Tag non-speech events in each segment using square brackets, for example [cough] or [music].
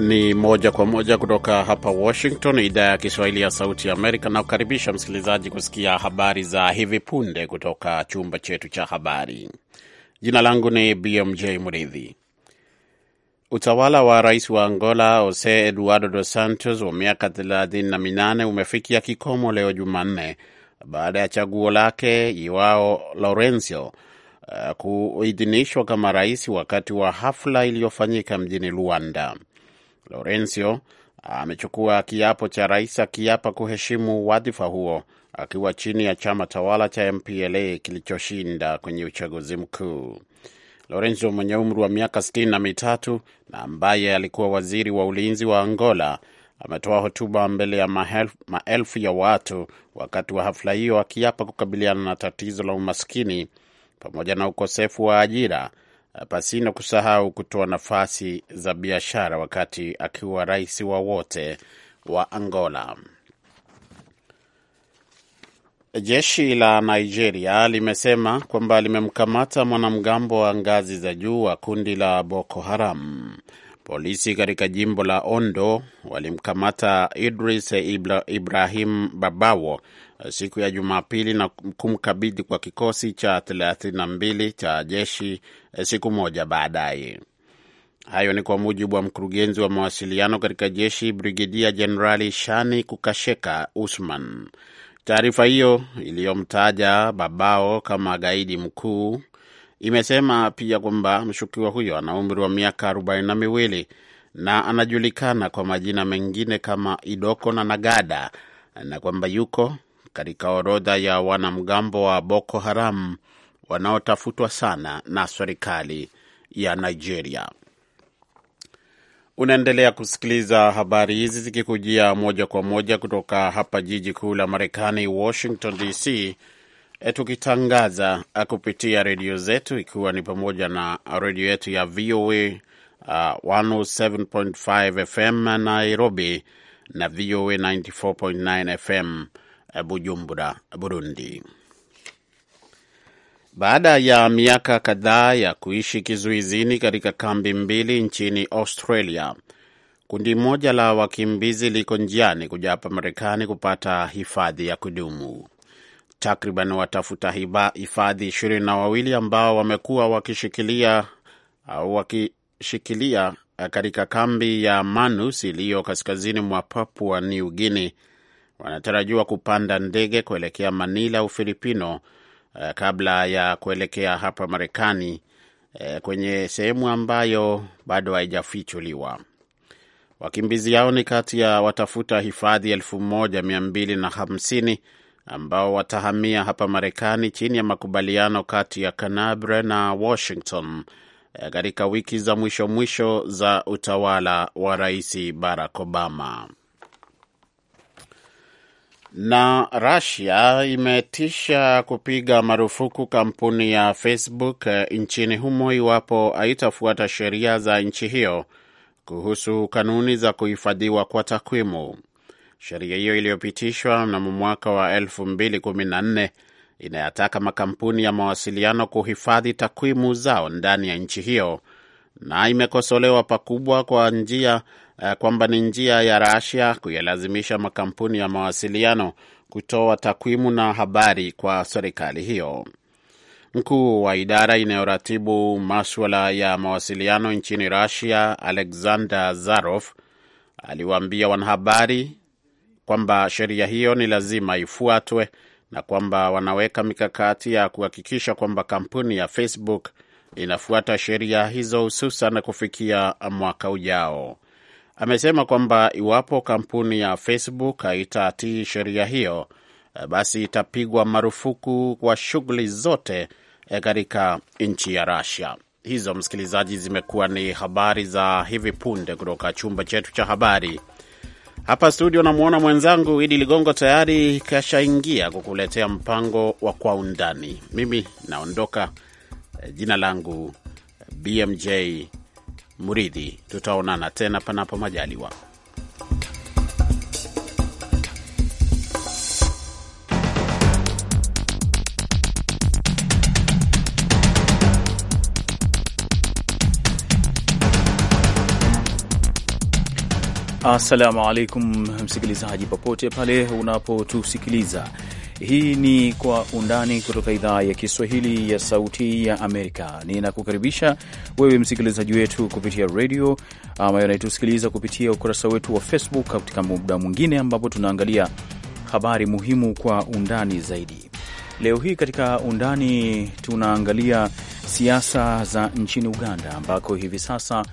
Ni moja kwa moja kutoka hapa Washington, idhaa ya Kiswahili ya Sauti ya Amerika. Nakukaribisha msikilizaji kusikia habari za hivi punde kutoka chumba chetu cha habari. Jina langu ni BMJ Mridhi. Utawala wa rais wa Angola Jose Eduardo Dos Santos wa miaka 38 umefikia kikomo leo Jumanne baada ya chaguo lake Joao Lourenco uh, eh, kuidhinishwa kama rais wakati wa hafla iliyofanyika mjini Luanda. Lorencio amechukua kiapo cha rais akiapa kuheshimu wadhifa huo akiwa chini ya chama tawala cha MPLA kilichoshinda kwenye uchaguzi mkuu. Lorenzo mwenye umri wa miaka sitini na mitatu na ambaye alikuwa waziri wa ulinzi wa Angola ametoa hotuba mbele ya maelfu, maelfu ya watu wakati wa hafla hiyo akiapa kukabiliana na tatizo la umaskini pamoja na ukosefu wa ajira pasina eh, kusahau kutoa nafasi za biashara wakati akiwa rais wa wote wa Angola. Jeshi la Nigeria limesema kwamba limemkamata mwanamgambo wa ngazi za juu wa kundi la Boko Haram. Polisi katika jimbo la Ondo walimkamata Idris Ibrahim Babawo Eh, siku ya Jumapili na kumkabidhi kwa kikosi cha 32 cha jeshi eh, siku moja baadaye. Hayo ni kwa mujibu wa mkurugenzi wa mawasiliano katika jeshi, Brigedia Jenerali Shani Kukasheka Usman. Taarifa hiyo iliyomtaja Babao kama gaidi mkuu imesema pia kwamba mshukiwa huyo ana umri wa miaka arobaini na miwili na anajulikana kwa majina mengine kama Idoko na Nagada na kwamba yuko katika orodha ya wanamgambo wa Boko Haram wanaotafutwa sana na serikali ya Nigeria. Unaendelea kusikiliza habari hizi zikikujia moja kwa moja kutoka hapa jiji kuu la Marekani, Washington DC, eh, tukitangaza eh, kupitia redio zetu ikiwa ni pamoja na redio yetu ya VOA uh, 107.5 FM Nairobi na VOA 94.9 FM Bujumbura, Burundi. Baada ya miaka kadhaa ya kuishi kizuizini katika kambi mbili nchini Australia, kundi moja la wakimbizi liko njiani kuja hapa Marekani kupata hifadhi ya kudumu. Takriban watafuta hifadhi ishirini na wawili ambao wamekuwa wakishikilia au wakishikilia katika kambi ya Manus iliyo kaskazini mwa Papua New Guinea wanatarajiwa kupanda ndege kuelekea Manila, Ufilipino, eh, kabla ya kuelekea hapa Marekani, eh, kwenye sehemu ambayo bado haijafichuliwa. Wakimbizi hao ni kati ya watafuta hifadhi 1250 ambao watahamia hapa Marekani chini ya makubaliano kati ya canabre na Washington eh, katika wiki za mwisho mwisho za utawala wa Rais Barack Obama. Na Russia imetisha kupiga marufuku kampuni ya Facebook eh, nchini humo iwapo haitafuata sheria za nchi hiyo kuhusu kanuni za kuhifadhiwa kwa takwimu. Sheria hiyo iliyopitishwa mnamo mwaka wa 2014 inayataka makampuni ya mawasiliano kuhifadhi takwimu zao ndani ya nchi hiyo na imekosolewa pakubwa kwa njia uh, kwamba ni njia ya Russia kuyalazimisha makampuni ya mawasiliano kutoa takwimu na habari kwa serikali hiyo. Mkuu wa idara inayoratibu maswala ya mawasiliano nchini Russia, Alexander Zarov, aliwaambia wanahabari kwamba sheria hiyo ni lazima ifuatwe na kwamba wanaweka mikakati ya kuhakikisha kwamba kampuni ya Facebook inafuata sheria hizo hususan kufikia mwaka ujao. Amesema kwamba iwapo kampuni ya Facebook haitatii sheria hiyo, basi itapigwa marufuku kwa shughuli zote eh, katika nchi ya Russia. Hizo msikilizaji, zimekuwa ni habari za hivi punde kutoka chumba chetu cha habari hapa studio. Namwona mwenzangu Idi Ligongo tayari kashaingia kukuletea mpango wa Kwa Undani. Mimi naondoka Eh, jina langu eh, BMJ Muridhi, tutaonana tena panapo majaliwa. Assalamu alaikum msikilizaji, popote pale unapotusikiliza. Hii ni Kwa Undani kutoka idhaa ya Kiswahili ya Sauti ya Amerika. Ninakukaribisha wewe msikilizaji wetu kupitia redio ambayo anaitusikiliza kupitia ukurasa wetu wa Facebook katika muda mwingine ambapo tunaangalia habari muhimu kwa undani zaidi. Leo hii katika undani tunaangalia siasa za nchini Uganda ambako hivi sasa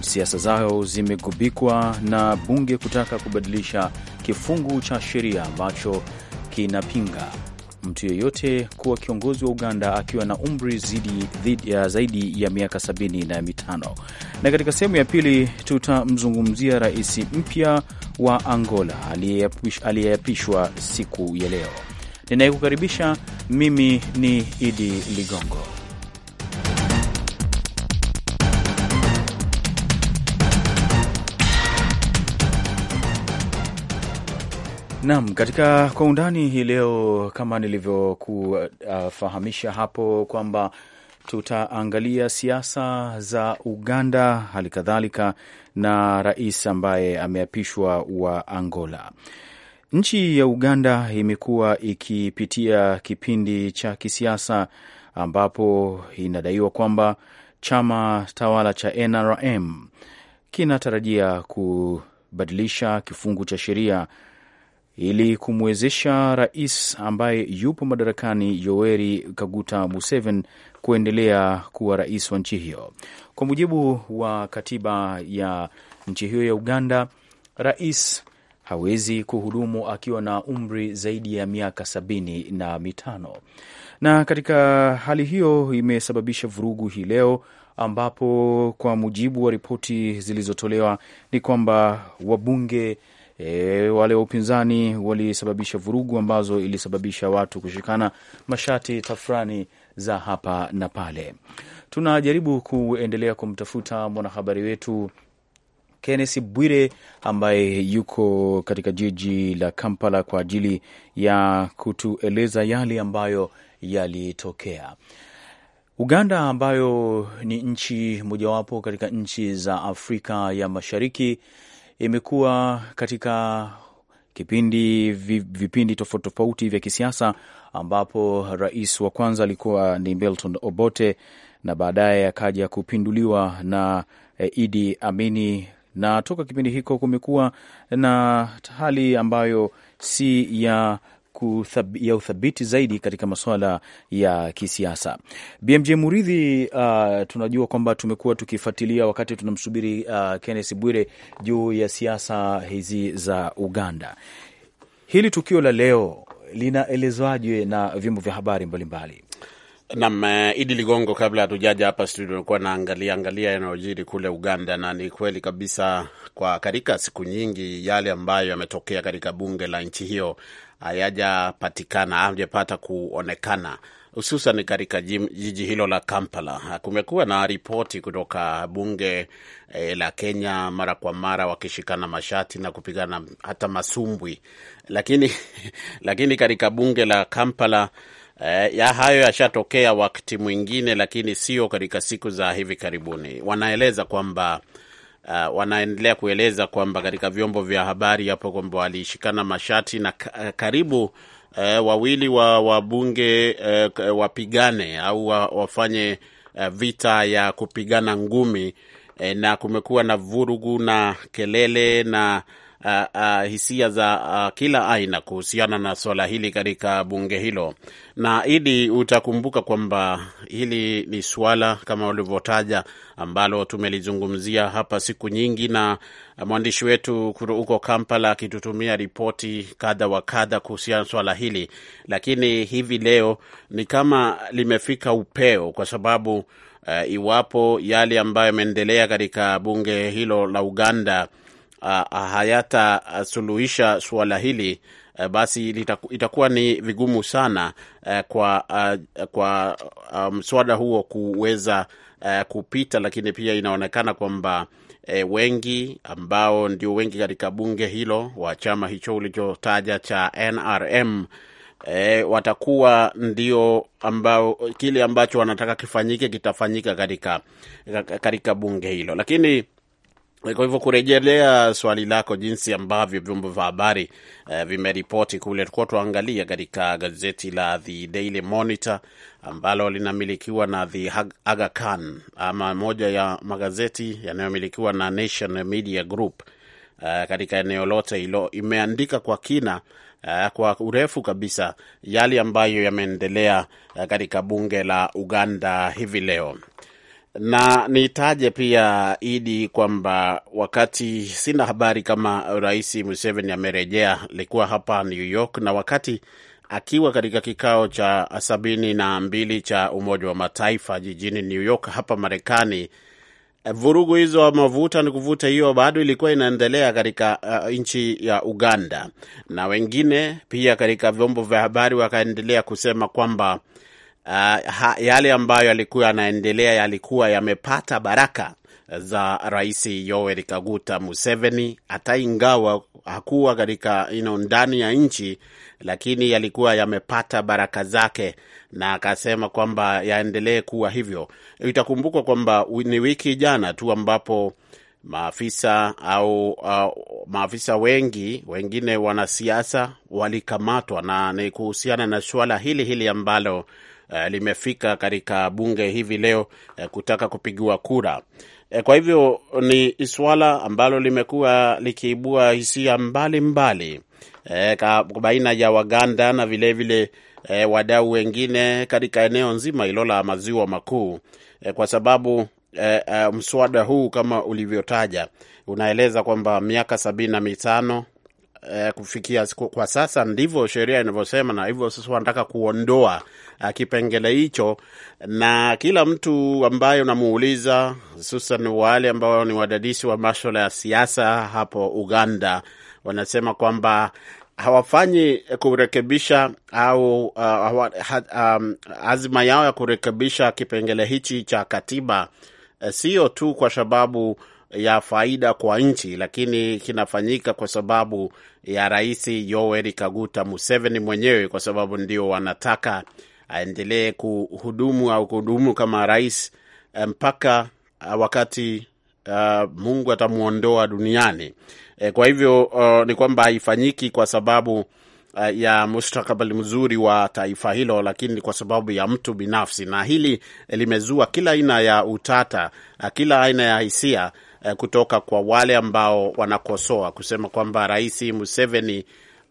siasa zao zimegubikwa na bunge kutaka kubadilisha kifungu cha sheria ambacho kinapinga mtu yeyote kuwa kiongozi wa Uganda akiwa na umri zidi, zidi ya zaidi ya miaka sabini na mitano. Na katika sehemu ya pili tutamzungumzia rais mpya wa Angola aliyeapishwa siku ya leo. Ninayekukaribisha mimi ni Idi Ligongo. Naam, katika kwa undani hii leo kama nilivyokufahamisha uh, hapo kwamba tutaangalia siasa za Uganda, hali kadhalika na rais ambaye ameapishwa wa Angola. Nchi ya Uganda imekuwa ikipitia kipindi cha kisiasa ambapo inadaiwa kwamba chama tawala cha NRM kinatarajia kubadilisha kifungu cha sheria ili kumwezesha rais ambaye yupo madarakani Yoweri Kaguta Museveni kuendelea kuwa rais wa nchi hiyo. Kwa mujibu wa katiba ya nchi hiyo ya Uganda, rais hawezi kuhudumu akiwa na umri zaidi ya miaka sabini na mitano. Na katika hali hiyo imesababisha vurugu hii leo, ambapo kwa mujibu wa ripoti zilizotolewa ni kwamba wabunge e, wale wa upinzani walisababisha vurugu ambazo ilisababisha watu kushikana mashati, tafrani za hapa na pale. Tunajaribu kuendelea kumtafuta mwanahabari wetu kennesi Bwire ambaye yuko katika jiji la Kampala kwa ajili ya kutueleza yale ambayo yalitokea Uganda, ambayo ni nchi mojawapo katika nchi za Afrika ya Mashariki imekuwa katika kipindi vipindi tofauti tofauti vya kisiasa, ambapo rais wa kwanza alikuwa ni Milton Obote na baadaye akaja kupinduliwa na eh, Idi Amini, na toka kipindi hiko kumekuwa na hali ambayo si ya kuthab, ya uthabiti zaidi katika masuala ya kisiasa. BMJ Muridhi, uh, tunajua kwamba tumekuwa tukifuatilia wakati tunamsubiri uh, Kenneth Bwire juu ya siasa hizi za Uganda. Hili tukio la leo linaelezwaje na vyombo vya habari mbalimbali? Naam, eh, Idi Ligongo, kabla hatujaja hapa studio, nilikuwa naangalia angalia yanayojiri kule Uganda, na ni kweli kabisa kwa katika siku nyingi yale ambayo yametokea katika bunge la nchi hiyo hayajapatikana, hajapata kuonekana hususan katika jiji hilo la Kampala. Kumekuwa na ripoti kutoka bunge e, la Kenya mara kwa mara wakishikana mashati na kupigana hata masumbwi, lakini [laughs] lakini katika bunge la Kampala Eh, ya hayo yashatokea wakati mwingine, lakini sio katika siku za hivi karibuni. Wanaeleza kwamba uh, wanaendelea kueleza kwamba katika vyombo vya habari hapo kwamba walishikana mashati na eh, karibu E, wawili wa wabunge e, wapigane au wa, wafanye e, vita ya kupigana ngumi e, na kumekuwa na vurugu na kelele na uh, uh, hisia za uh, kila aina kuhusiana na swala hili katika bunge hilo. Na Idi, utakumbuka kwamba hili ni swala kama ulivyotaja, ambalo tumelizungumzia hapa siku nyingi, na mwandishi wetu huko Kampala akitutumia ripoti kadha wa kadha kuhusiana na swala hili, lakini hivi leo ni kama limefika upeo kwa sababu Uh, iwapo yale ambayo yameendelea katika bunge hilo la Uganda hayatasuluhisha suala hili basi itakuwa ni vigumu sana kwa, kwa mswada um, huo kuweza uh, kupita, lakini pia inaonekana kwamba E, wengi ambao ndio wengi katika bunge hilo wa chama hicho ulichotaja cha NRM e, watakuwa ndio ambao kile ambacho wanataka kifanyike kitafanyika katika katika bunge hilo, lakini kwa hivyo kurejelea swali lako, jinsi ambavyo vyombo vya habari eh, vimeripoti kule, tukuwa tuangalia katika gazeti la The Daily Monitor ambalo linamilikiwa na The Aga Khan ama moja ya magazeti yanayomilikiwa na Nation Media Group eh, katika eneo lote hilo, imeandika kwa kina eh, kwa urefu kabisa yale ambayo yameendelea eh, katika bunge la Uganda hivi leo na nitaje pia Idi kwamba wakati, sina habari kama Rais Museveni amerejea, alikuwa hapa New York, na wakati akiwa katika kikao cha sabini na mbili cha Umoja wa Mataifa jijini New York hapa Marekani, vurugu hizo ama vuta ni kuvuta hiyo bado ilikuwa inaendelea katika uh, nchi ya Uganda, na wengine pia katika vyombo vya habari wakaendelea kusema kwamba uh, ha, yale ambayo yalikuwa yanaendelea yalikuwa yamepata baraka za Rais Yoweri Kaguta Museveni, hata ingawa hakuwa katika ino ndani ya nchi, lakini yalikuwa yamepata baraka zake, na akasema kwamba yaendelee kuwa hivyo. Itakumbukwa kwamba ni wiki jana tu ambapo maafisa au uh, maafisa wengi wengine wanasiasa walikamatwa, na ni kuhusiana na suala hili hili ambalo uh, limefika katika bunge hivi leo uh, kutaka kupigiwa kura. Eh, kwa hivyo ni suala ambalo limekuwa likiibua hisia mbalimbali e, baina ya Waganda na vilevile vile, e, wadau wengine katika eneo nzima hilo la maziwa makuu e, kwa sababu e, e, mswada huu kama ulivyotaja unaeleza kwamba miaka sabini na mitano e, kufikia kwa sasa ndivyo sheria inavyosema, na hivyo sasa wanataka kuondoa Uh, kipengele hicho, na kila mtu ambaye unamuuliza, hususan wale ambao ni wadadisi wa maswala ya siasa hapo Uganda, wanasema kwamba hawafanyi kurekebisha au uh, hawa, ha, um, azima yao ya kurekebisha kipengele hichi cha katiba eh, sio tu kwa sababu ya faida kwa nchi, lakini kinafanyika kwa sababu ya Rais Yoweri Kaguta Museveni mwenyewe, kwa sababu ndio wanataka aendelee kuhudumu au kuhudumu kama rais eh, mpaka eh, wakati uh, Mungu atamwondoa duniani. E, kwa hivyo uh, ni kwamba haifanyiki kwa sababu uh, ya mustakabali mzuri wa taifa hilo, lakini kwa sababu ya mtu binafsi, na hili limezua kila aina ya utata, kila aina ya hisia kutoka kwa wale ambao wanakosoa kusema kwamba Rais Museveni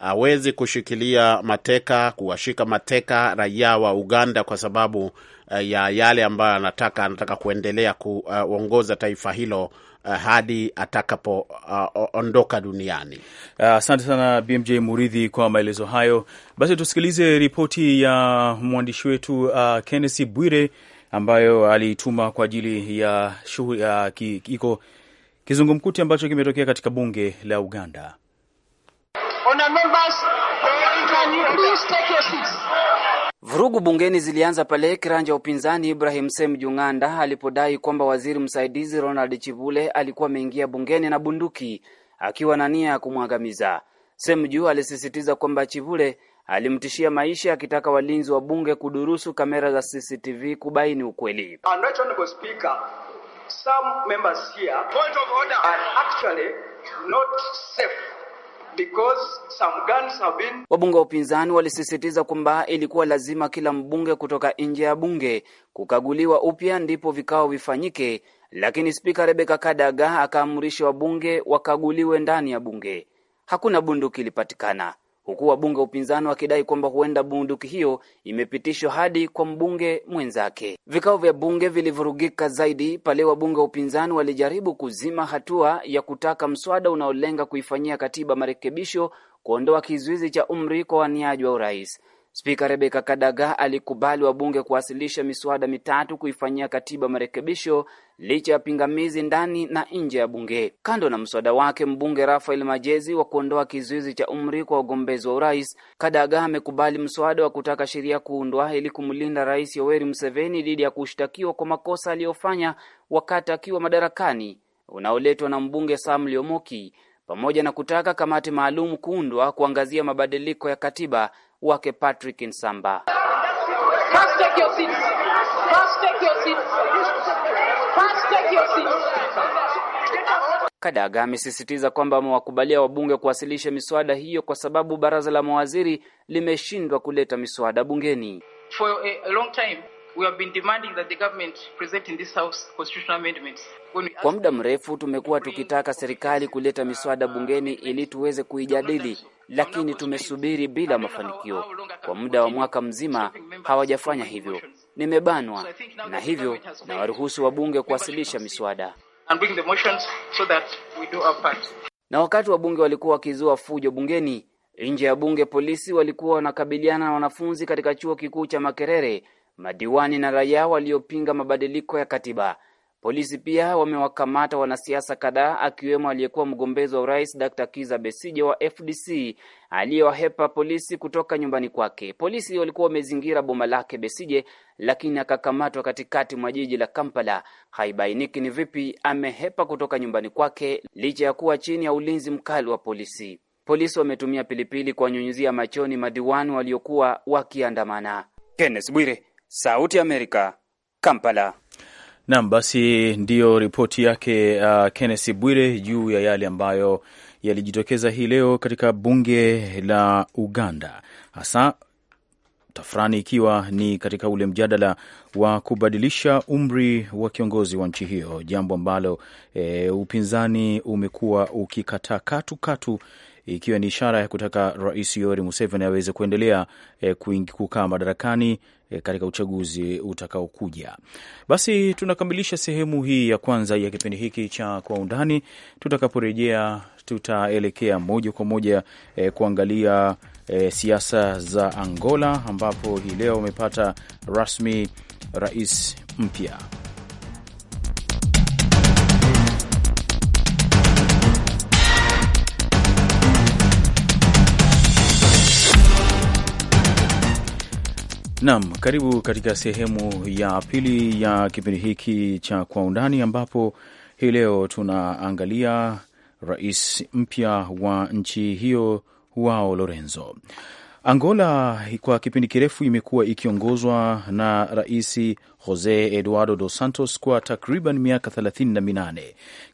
hawezi kushikilia mateka, kuwashika mateka raia wa Uganda kwa sababu eh, ya yale ambayo anataka anataka kuendelea kuongoza uh, taifa hilo uh, hadi atakapoondoka uh, duniani. Ah, asante uh, sana BMJ Muridhi kwa maelezo hayo. Basi tusikilize ripoti ya mwandishi wetu uh, Kenneth Bwire ambayo aliituma kwa ajili ya shughuli uh, ki, iko kizungumkuti ambacho kimetokea katika bunge la Uganda. Honor members, can you please take your seats? Vurugu bungeni zilianza pale kiranja wa upinzani Ibrahim Junganda alipodai kwamba waziri msaidizi Ronald Chivule alikuwa ameingia bungeni na bunduki akiwa na nia ya kumwangamiza. Semju alisisitiza kwamba Chivule alimtishia maisha akitaka walinzi wa bunge kudurusu kamera za CCTV kubaini ukweli. Some members here are actually not safe been... Wabunge wa upinzani walisisitiza kwamba ilikuwa lazima kila mbunge kutoka nje ya bunge kukaguliwa upya ndipo vikao vifanyike, lakini spika Rebeka Kadaga akaamrisha wabunge wakaguliwe ndani ya bunge. Hakuna bunduki ilipatikana huku wabunge wa upinzani wakidai kwamba huenda bunduki hiyo imepitishwa hadi kwa mbunge mwenzake. Vikao vya bunge vilivurugika zaidi pale wabunge wa upinzani walijaribu kuzima hatua ya kutaka mswada unaolenga kuifanyia katiba marekebisho kuondoa kizuizi cha umri kwa waniaji wa urais. Spika rebeka Kadaga alikubali wabunge kuwasilisha miswada mitatu kuifanyia katiba marekebisho licha ya pingamizi ndani na nje ya bunge. Kando na mswada wake mbunge Rafael Majezi wa kuondoa kizuizi cha umri kwa wagombezi wa urais, Kadaga amekubali mswada wa kutaka sheria kuundwa ili kumlinda Rais Yoweri Museveni dhidi ya kushtakiwa kwa makosa aliyofanya wakati akiwa madarakani unaoletwa na mbunge Sam Lyomoki, pamoja na kutaka kamati maalum kuundwa kuangazia mabadiliko ya katiba wake Patrick Nsamba. Kadaga amesisitiza kwamba amewakubalia wabunge kuwasilisha miswada hiyo kwa sababu baraza la mawaziri limeshindwa kuleta miswada bungeni. For a long time. We have been demanding that the government present in this house constitutional amendments. Kwa muda mrefu tumekuwa tukitaka serikali kuleta miswada bungeni ili tuweze kuijadili lakini tumesubiri bila mafanikio. Kwa muda wa mwaka mzima hawajafanya hivyo. Nimebanwa na hivyo na waruhusu wabunge kuwasilisha miswada na wakati wabunge walikuwa wakizua fujo bungeni, nje ya bunge, polisi walikuwa wanakabiliana na wanafunzi katika chuo kikuu cha Makerere, madiwani na raia waliopinga mabadiliko ya katiba. Polisi pia wamewakamata wanasiasa kadhaa akiwemo aliyekuwa mgombezi wa urais Dr. Kiza Besije wa FDC aliyewahepa polisi kutoka nyumbani kwake. Polisi walikuwa wamezingira boma lake Besije, lakini akakamatwa katikati mwa jiji la Kampala. Haibainiki ni vipi amehepa kutoka nyumbani kwake licha ya kuwa chini ya ulinzi mkali wa polisi. Polisi wametumia pilipili kuwanyunyizia machoni madiwani waliokuwa wakiandamana. Kenneth Bwire, Sauti ya Amerika, Kampala. Naam, basi ndiyo ripoti yake uh, Kenneth Bwire juu ya yale ambayo yalijitokeza hii leo katika bunge la Uganda, hasa tafurani ikiwa ni katika ule mjadala wa kubadilisha umri wa kiongozi wa nchi hiyo, jambo ambalo e, upinzani umekuwa ukikataa katu katu ikiwa ni ishara ya kutaka Rais Yoweri Museveni aweze kuendelea eh, kukaa madarakani eh, katika uchaguzi utakaokuja. Basi tunakamilisha sehemu hii ya kwanza ya kipindi hiki cha Kwa Undani. Tutakaporejea tutaelekea moja kwa moja eh, kuangalia eh, siasa za Angola ambapo hii leo amepata rasmi rais mpya. Naam, karibu katika sehemu ya pili ya kipindi hiki cha Kwa Undani, ambapo hii leo tunaangalia rais mpya wa nchi hiyo wao Lorenzo. Angola kwa kipindi kirefu imekuwa ikiongozwa na rais Jose Eduardo Dos Santos kwa takriban miaka 38.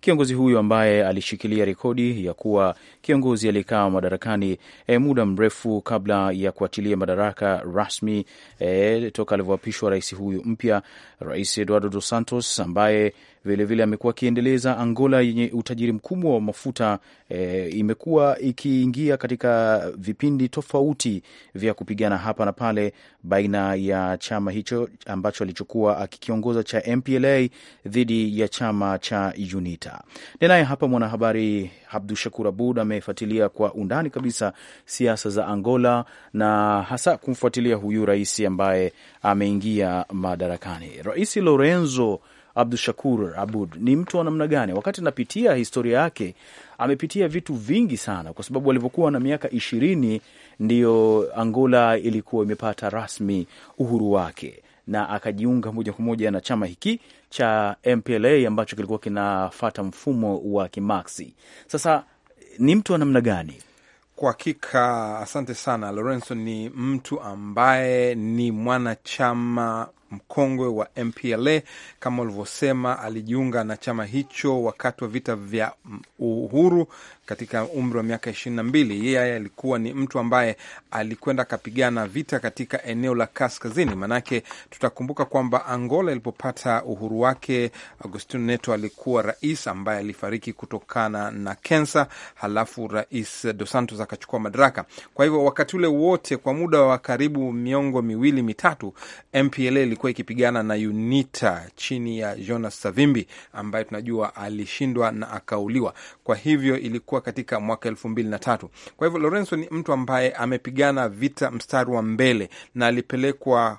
Kiongozi huyo ambaye alishikilia rekodi ya kuwa kiongozi aliyekaa madarakani e, muda mrefu kabla ya kuachilia madaraka rasmi e, toka alivyoapishwa rais huyu mpya, Rais Eduardo Dos Santos ambaye vilevile amekuwa akiendeleza Angola yenye utajiri mkubwa wa mafuta e, imekuwa ikiingia katika vipindi tofauti vya kupigana hapa na pale baina ya chama hicho ambacho alichokuwa alikuwa akikiongoza cha MPLA dhidi ya chama cha UNITA. Ninaye hapa mwanahabari Abdu Shakur Abud amefuatilia kwa undani kabisa siasa za Angola na hasa kumfuatilia huyu rais ambaye ameingia madarakani, Rais Lorenzo Abdu Shakur Abud ni mtu wa namna gani? Wakati napitia historia yake, amepitia vitu vingi sana, kwa sababu alivyokuwa na miaka ishirini ndiyo Angola ilikuwa imepata rasmi uhuru wake na akajiunga moja kwa moja na chama hiki cha MPLA ambacho kilikuwa kinafata mfumo wa Kimaksi. Sasa ni mtu wa namna gani? Kwa hakika, asante sana Lorenzo. Ni mtu ambaye ni mwanachama mkongwe wa MPLA. Kama ulivyosema, alijiunga na chama hicho wakati wa vita vya uhuru katika umri wa miaka ishirini na mbili. Yeye alikuwa ni mtu ambaye alikwenda akapigana vita katika eneo la kaskazini, maanake tutakumbuka kwamba Angola ilipopata uhuru wake, Agostino Neto alikuwa rais ambaye alifariki kutokana na kensa, halafu rais Dos Santos akachukua madaraka. Kwa hivyo wakati ule wote, kwa muda wa karibu miongo miwili mitatu, MPLA ilikuwa ikipigana na UNITA chini ya Jonas Savimbi ambaye tunajua alishindwa na akauliwa. Kwa hivyo ilikuwa katika mwaka elfu mbili na tatu. Kwa hivyo Lorenzo ni mtu ambaye amepigana vita mstari wa mbele na alipelekwa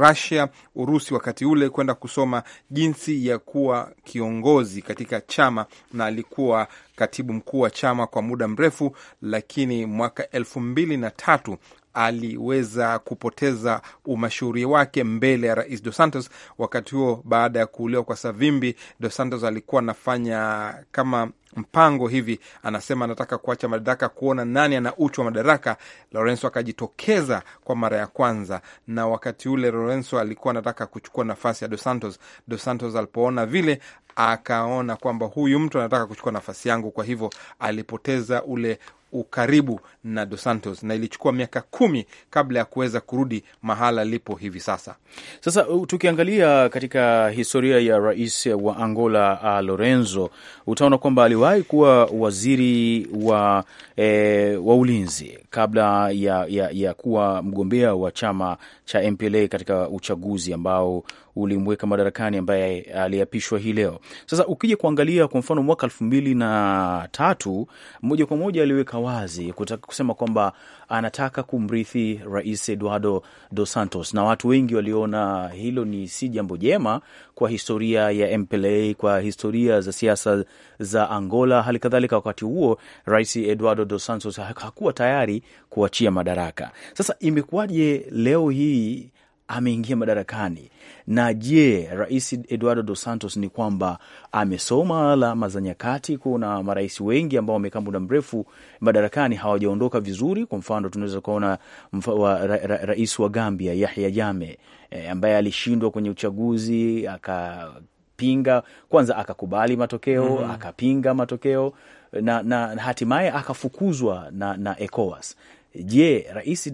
rasia Urusi wakati ule kwenda kusoma jinsi ya kuwa kiongozi katika chama, na alikuwa katibu mkuu wa chama kwa muda mrefu, lakini mwaka elfu mbili na tatu aliweza kupoteza umashuhuri wake mbele ya rais Dos Santos. Wakati huo baada ya kuuliwa kwa Savimbi, Dos Santos alikuwa anafanya kama mpango hivi, anasema anataka kuacha madaraka, kuona nani ana uchu wa madaraka. Lorenzo akajitokeza kwa mara ya kwanza, na wakati ule Lorenzo alikuwa anataka kuchukua nafasi ya Dos Santos. Dos Santos alipoona vile, akaona kwamba huyu mtu anataka kuchukua nafasi yangu, kwa hivyo alipoteza ule ukaribu na Dos Santos na ilichukua miaka kumi kabla ya kuweza kurudi mahala lipo hivi sasa. Sasa tukiangalia katika historia ya rais wa Angola Lorenzo, utaona kwamba aliwahi kuwa waziri wa, eh, wa ulinzi kabla ya, ya, ya kuwa mgombea wa chama cha MPLA katika uchaguzi ambao ulimweka madarakani ambaye aliapishwa hii leo. Sasa ukija kuangalia kwa mfano mwaka elfu mbili na tatu moja kwa moja aliweka wazi kutaka kusema kwamba anataka kumrithi Rais Eduardo Dos Santos, na watu wengi waliona hilo ni si jambo jema kwa historia ya MPLA, kwa historia za siasa za Angola. Hali kadhalika wakati huo Rais Eduardo Dos Santos hakuwa tayari kuachia madaraka. Sasa imekuwaje leo hii ameingia madarakani. Na je, Rais Eduardo Dos Santos ni kwamba amesoma alama za nyakati? Kuna marais wengi ambao wamekaa muda mrefu madarakani hawajaondoka vizuri. Kwa mfano tunaweza kuona mfa, ra, ra, rais wa Gambia Yahya Jammeh e, ambaye alishindwa kwenye uchaguzi akapinga, kwanza akakubali matokeo mm -hmm. akapinga matokeo na, na hatimaye akafukuzwa na, na ECOWAS Je, Rais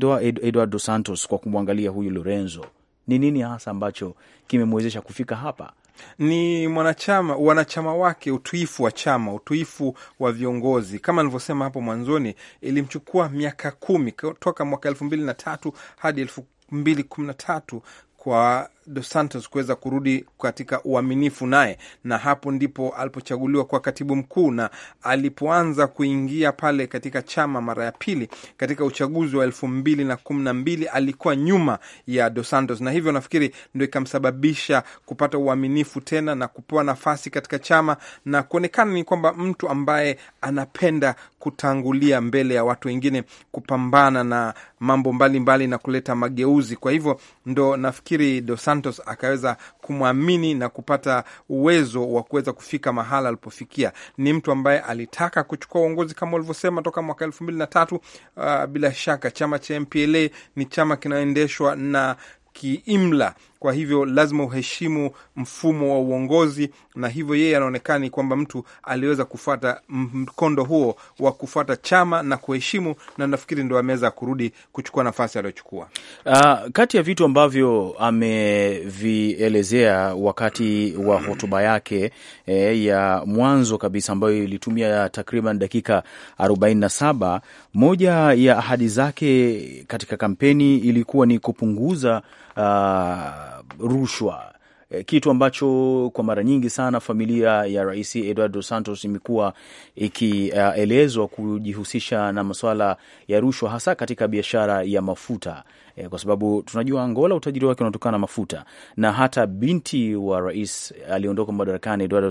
Eduardo Santos kwa kumwangalia huyu Lorenzo ni nini hasa ambacho kimemwezesha kufika hapa? Ni mwanachama wanachama wake, utuifu wa chama, utuifu wa viongozi. Kama alivyosema hapo mwanzoni, ilimchukua miaka kumi toka mwaka elfu mbili na tatu hadi elfu mbili kumi na tatu kwa Dos Santos kuweza kurudi katika uaminifu naye, na hapo ndipo alipochaguliwa kwa katibu mkuu, na alipoanza kuingia pale katika chama mara ya pili katika uchaguzi wa elfu mbili na kumi na mbili alikuwa nyuma ya Dos Santos, na hivyo nafikiri ndo ikamsababisha kupata uaminifu tena na kupewa nafasi katika chama na kuonekana ni kwamba mtu ambaye anapenda kutangulia mbele ya watu wengine kupambana na mambo mbalimbali mbali na kuleta mageuzi. Kwa hivyo ndo nafikiri Dos Santos akaweza kumwamini na kupata uwezo wa kuweza kufika mahala alipofikia. Ni mtu ambaye alitaka kuchukua uongozi kama ulivyosema toka mwaka elfu mbili na tatu. Uh, bila shaka chama cha MPLA ni chama kinaendeshwa na kiimla kwa hivyo lazima uheshimu mfumo wa uongozi, na hivyo yeye anaonekana ni kwamba mtu aliweza kufata mkondo huo wa kufata chama na kuheshimu, na nafikiri ndo ameweza kurudi kuchukua nafasi aliyochukua. Uh, kati ya vitu ambavyo amevielezea wakati wa hotuba yake eh, ya mwanzo kabisa ambayo ilitumia takriban dakika 47, moja ya ahadi zake katika kampeni ilikuwa ni kupunguza uh, rushwa, eh, kitu ambacho kwa mara nyingi sana familia ya Rais Eduardo Santos imekuwa ikielezwa uh, kujihusisha na masuala ya rushwa, hasa katika biashara ya mafuta e, kwa sababu tunajua Angola utajiri wake unatokana na mafuta, na hata binti wa rais aliondoka madarakani Eduardo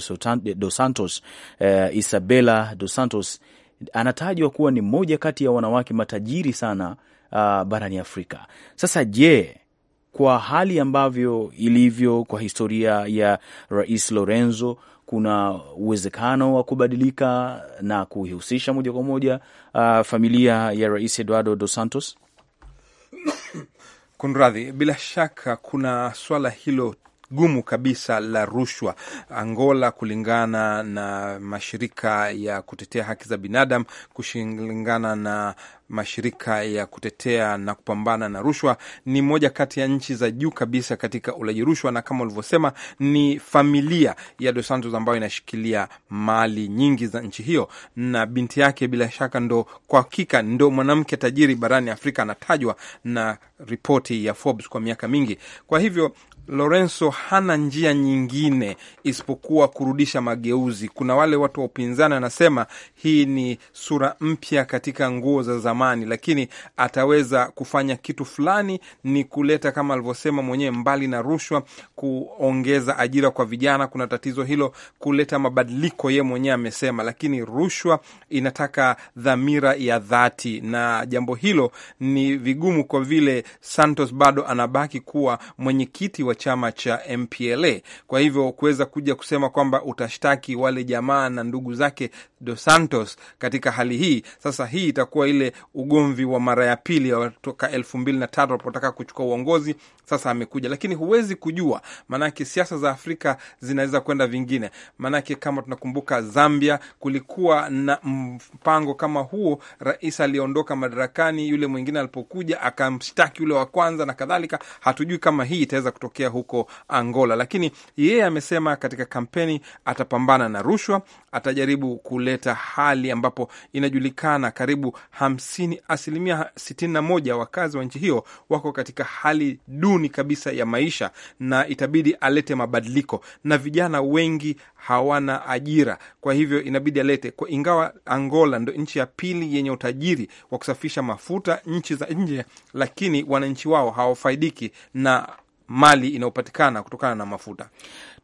Dos Santos uh, eh, Isabela Dos Santos anatajwa kuwa ni moja kati ya wanawake matajiri sana uh, barani Afrika. Sasa je, kwa hali ambavyo ilivyo kwa historia ya Rais Lorenzo kuna uwezekano wa kubadilika na kuihusisha moja kwa moja uh, familia ya Rais Eduardo Dos Santos? [coughs] Kunradhi, bila shaka kuna swala hilo gumu kabisa la rushwa Angola, kulingana na mashirika ya kutetea haki za binadamu, kushilingana na mashirika ya kutetea na kupambana na rushwa, ni moja kati ya nchi za juu kabisa katika ulaji rushwa, na kama ulivyosema, ni familia ya Dos Santos ambayo inashikilia mali nyingi za nchi hiyo, na binti yake bila shaka ndo kwa hakika ndo mwanamke tajiri barani Afrika, anatajwa na ripoti ya Forbes kwa miaka mingi. Kwa hivyo Lorenzo hana njia nyingine isipokuwa kurudisha mageuzi. Kuna wale watu wa upinzani anasema hii ni sura mpya katika nguo za zamani, lakini ataweza kufanya kitu fulani, ni kuleta kama alivyosema mwenyewe, mbali na rushwa, kuongeza ajira kwa vijana. Kuna tatizo hilo, kuleta mabadiliko, ye mwenyewe amesema, lakini rushwa inataka dhamira ya dhati, na jambo hilo ni vigumu kwa vile Santos bado anabaki kuwa mwenyekiti wa wa chama cha MPLA. Kwa hivyo kuweza kuja kusema kwamba utashtaki wale jamaa na ndugu zake Dos Santos katika hali hii, sasa hii itakuwa ile ugomvi wa mara ya pili toka elfu mbili na tatu alipotaka kuchukua uongozi. Sasa amekuja, lakini huwezi kujua, maanake siasa za Afrika zinaweza kwenda vingine. Maanake kama tunakumbuka Zambia, kulikuwa na mpango kama huo, rais aliondoka madarakani, yule mwingine alipokuja akamshtaki yule wa kwanza na kadhalika. Hatujui kama hii itaweza kutokea kutokea huko Angola. Lakini yeye amesema katika kampeni atapambana na rushwa, atajaribu kuleta hali ambapo inajulikana karibu hamsini, asilimia sitini na moja wakazi wa nchi hiyo wako katika hali duni kabisa ya maisha, na itabidi alete mabadiliko, na vijana wengi hawana ajira, kwa hivyo inabidi alete kwa, ingawa Angola ndo nchi ya pili yenye utajiri wa kusafisha mafuta nchi za nje, lakini wananchi wao hawafaidiki na mali inayopatikana kutokana na mafuta.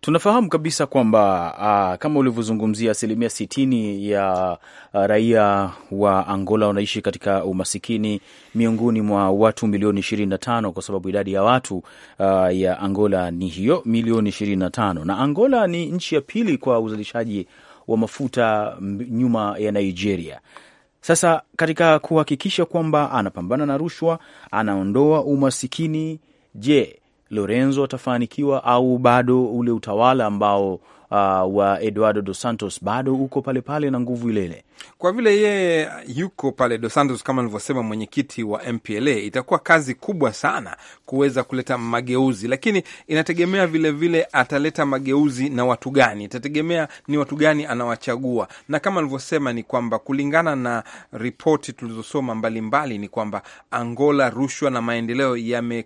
Tunafahamu kabisa kwamba uh, kama ulivyozungumzia asilimia sitini ya uh, raia wa Angola wanaishi katika umasikini miongoni mwa watu milioni ishirini na tano kwa sababu idadi ya watu uh, ya Angola ni hiyo milioni ishirini na tano na Angola ni nchi ya pili kwa uzalishaji wa mafuta nyuma ya Nigeria. Sasa katika kuhakikisha kwamba anapambana na rushwa, anaondoa umasikini, je, Lorenzo atafanikiwa au bado ule utawala ambao Uh, wa Eduardo Dos Santos bado uko pale pale na nguvu ilele. Kwa vile yeye yuko pale Dos Santos kama alivyosema mwenyekiti wa MPLA, itakuwa kazi kubwa sana kuweza kuleta mageuzi, lakini inategemea vile vile ataleta mageuzi na watu gani, itategemea ni watu gani anawachagua, na kama alivyosema ni kwamba kulingana na ripoti tulizosoma mbalimbali ni kwamba Angola, rushwa na maendeleo yame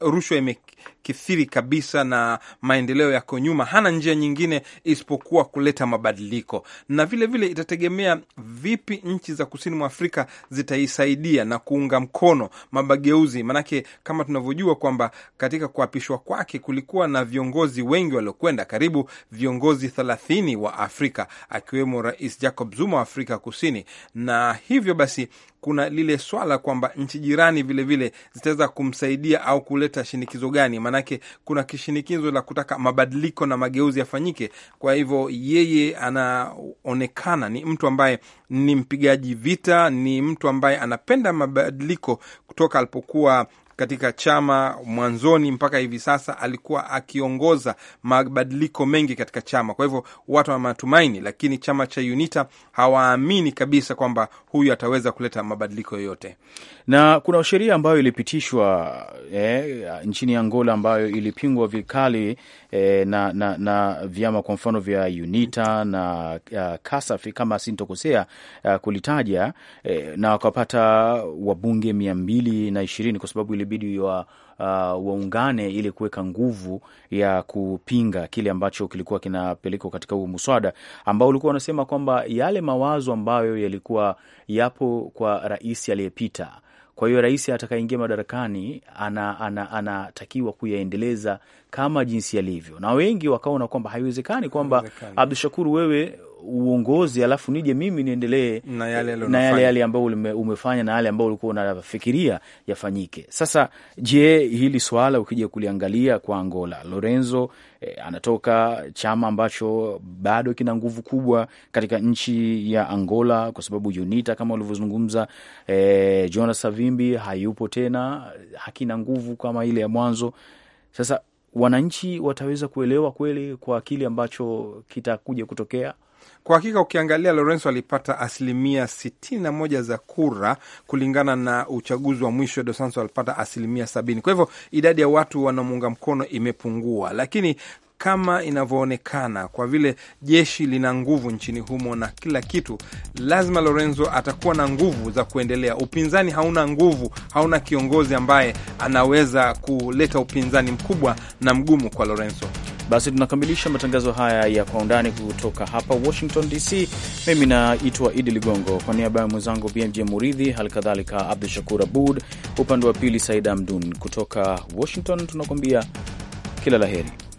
rushwa imekithiri kabisa na maendeleo yako nyuma, hana njia nyingine isipokuwa kuleta mabadiliko. Na vile vile itategemea vipi nchi za kusini mwa Afrika zitaisaidia na kuunga mkono mabageuzi, maanake kama tunavyojua kwamba katika kuapishwa kwake kulikuwa na viongozi wengi waliokwenda, karibu viongozi thelathini wa Afrika akiwemo Rais Jacob Zuma wa Afrika Kusini, na hivyo basi kuna lile swala kwamba nchi jirani vilevile zitaweza kumsaidia au kuleta shinikizo gani? Maanake kuna kishinikizo la kutaka mabadiliko na mageuzi yafanyike. Kwa hivyo yeye anaonekana ni mtu ambaye ni mpigaji vita, ni mtu ambaye anapenda mabadiliko kutoka alipokuwa katika chama mwanzoni mpaka hivi sasa alikuwa akiongoza mabadiliko mengi katika chama. Kwa hivyo watu wana matumaini, lakini chama cha UNITA hawaamini kabisa kwamba huyu ataweza kuleta mabadiliko yoyote. Na kuna sheria ambayo ilipitishwa eh, nchini Angola ambayo ilipingwa vikali eh, na, na, na vyama kwa mfano vya UNITA na uh, eh, Kasafi kama sintokosea uh, kulitaja eh, na wakapata wabunge mia mbili na ishirini kwa sababu ili inabidi wa uh, waungane ili kuweka nguvu ya kupinga kile ambacho kilikuwa kinapelekwa katika huu muswada ambao ulikuwa unasema kwamba yale mawazo ambayo yalikuwa yapo kwa rais aliyepita kwa hiyo rais atakayeingia madarakani anatakiwa ana, ana kuyaendeleza kama jinsi yalivyo, na wengi wakaona kwamba haiwezekani kwamba Abdu shakuru wewe uongozi, alafu nije mimi niendelee na yale na yale, yale ambayo umefanya na yale ambayo ulikuwa unafikiria yafanyike. Sasa je, hili swala ukija kuliangalia kwa Angola, Lorenzo eh, anatoka chama ambacho bado kina nguvu kubwa katika nchi ya Angola kwa sababu UNITA kama ulivyozungumza, eh, Jonas Savimbi hayupo tena, hakina nguvu kama ile ya mwanzo. Sasa wananchi wataweza kuelewa kweli kwa kile ambacho kitakuja kutokea? Kwa hakika ukiangalia, Lorenzo alipata asilimia 61 za kura kulingana na uchaguzi wa mwisho. Dos Santos alipata asilimia 70. Kwa hivyo idadi ya watu wanamuunga mkono imepungua, lakini kama inavyoonekana, kwa vile jeshi lina nguvu nchini humo na kila kitu, lazima Lorenzo atakuwa na nguvu za kuendelea. Upinzani hauna nguvu, hauna kiongozi ambaye anaweza kuleta upinzani mkubwa na mgumu kwa Lorenzo. Basi tunakamilisha matangazo haya ya kwa undani kutoka hapa Washington DC. Mimi naitwa Idi Ligongo, kwa niaba ya mwenzangu BMJ Muridhi, hali kadhalika Abdu Shakur Abud, upande wa pili Saida Amdun. Kutoka Washington tunakuambia kila la heri.